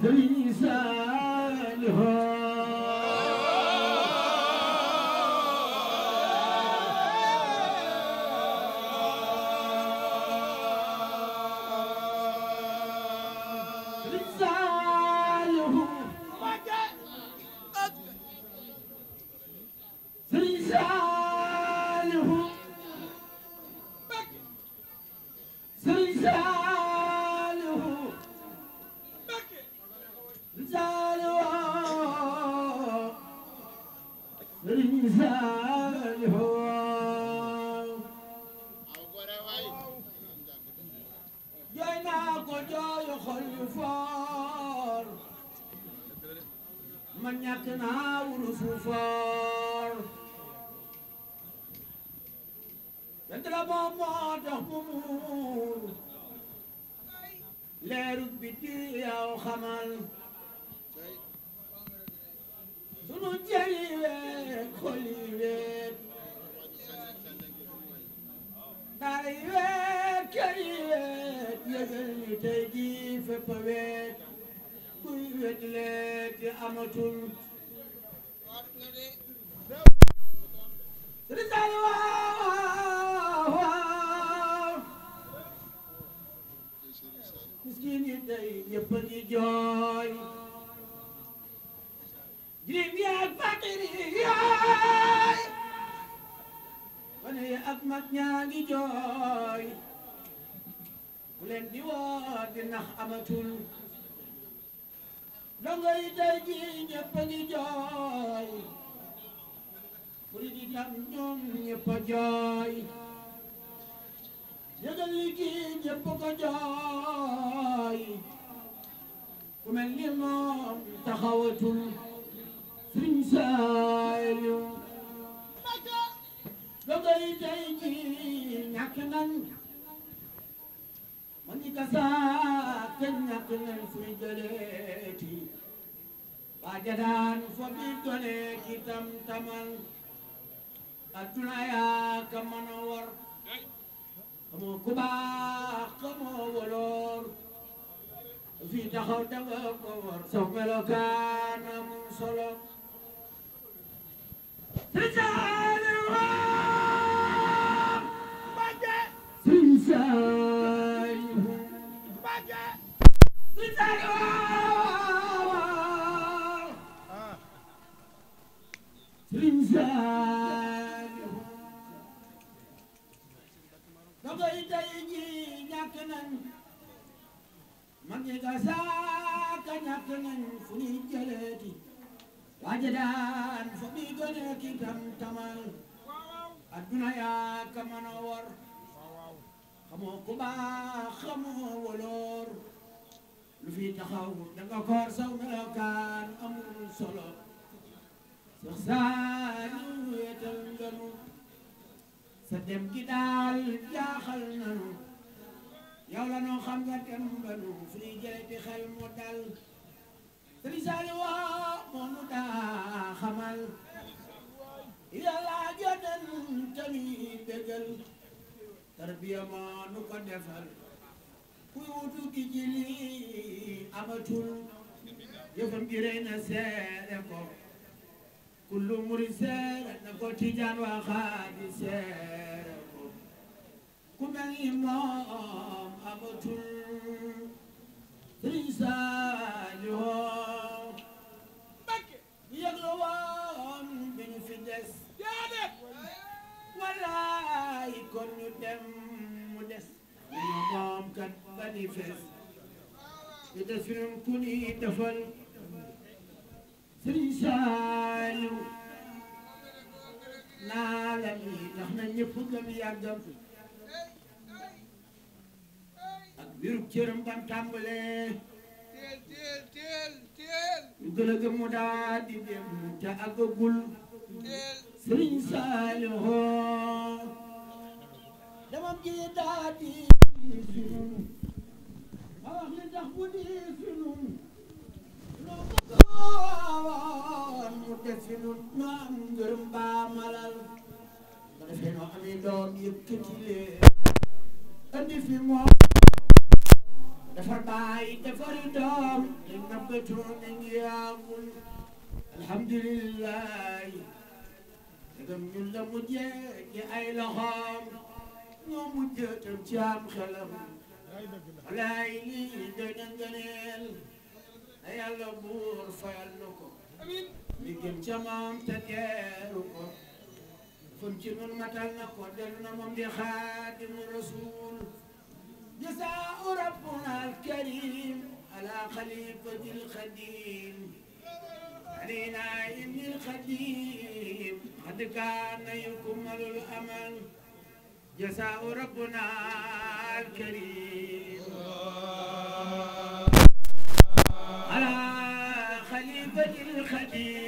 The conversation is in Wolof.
Sëriñ Saalihu can I will so far. And the Lama Moon Let it be dear Hamal. Do not jelly, holy red. Nariwet, kariwet, yegal tegi fepawet, kuiwet let amatul. miskin yi tey ñëpp a ngi jooy jirim yi ak faqir yi jooy gone yi ak mag ñaa ngi jooy ku leen di woo di nax amatul dongo yi ji jooy murid yi dam ñoom ñëpp a jooy yëgal li kii ko jooy ku mel ni moom taxawatul sëriñ Saaliw dogoy tey ji ñàkk nañ ma ni kasaat te ñàkk nañ fuy jëleeti waa jadaan fo bi dolee tam tamal adduna yaa ka mën a war xamoo ku baax xamoo woloor fii taxaw danga ko war saw melokaan am solo rijaale waa ah. Mbàkke rijaale Mbàkke rijaale waa rijaale dogoy tay ji ñàkk nañ mag ñi ga saaka ñàkk nañ fu ñuy jëleeti waaje daan fo mi gone ki tam tamal adduna yaa ka mën a war xamoo ku baax woloor lu fi taxaw danga koor saw melokaan amul solo sa dem gi daal jaaxal nanu yow la noo xam nga dem ba nu fu ñuy jële di xel mu dal sëriñ Saali woo moo nu daa xamal yàlla jonan tamit dëggal tarbiya moo nu ko defal kuy wutu gi ji lii amatul yëfam gi rëy na seere ko kullu murid seere na ko tijaan waa xaadi seere ku mel ni moom amatul Sëriñ Saaliw Mbakke ñu yëg la woon bi ñu fi des yaa def walaay kon ñu dem mu des ñu moom kat ba di fees ñu des fi ñun ku ni defal Sëriñ Saaliw naa la nii ndax na ñëpp gëm yàggam mbiru cëram bam tàmbalee teel teel teel teel ñu gën a gëm mu daal di dem te àggagul sëriñ Saalihu damam ji daal di sunu ma wax li tax bu di sunu loo bëggoon mu def sunu no am ngërëm ba malal ba defee noo amee doom yëkkati leen andi fi moom defar baay defar doom li nabbatu ni ngi amul alhamdulillah dagam ñu la mujjee ci ay loxoom ñoo mujjee tam ci am xelam walaay lii doy na ngëneel na buur fayal na ko li gën ca ko fam ci nun matal na ko dellu na moom di xaadimu rasul جزاء ربنا الكريم على خليفة الخديم علينا ابن الخديم قد كان يكمل الأمل جزاء ربنا الكريم على خليفة الخديم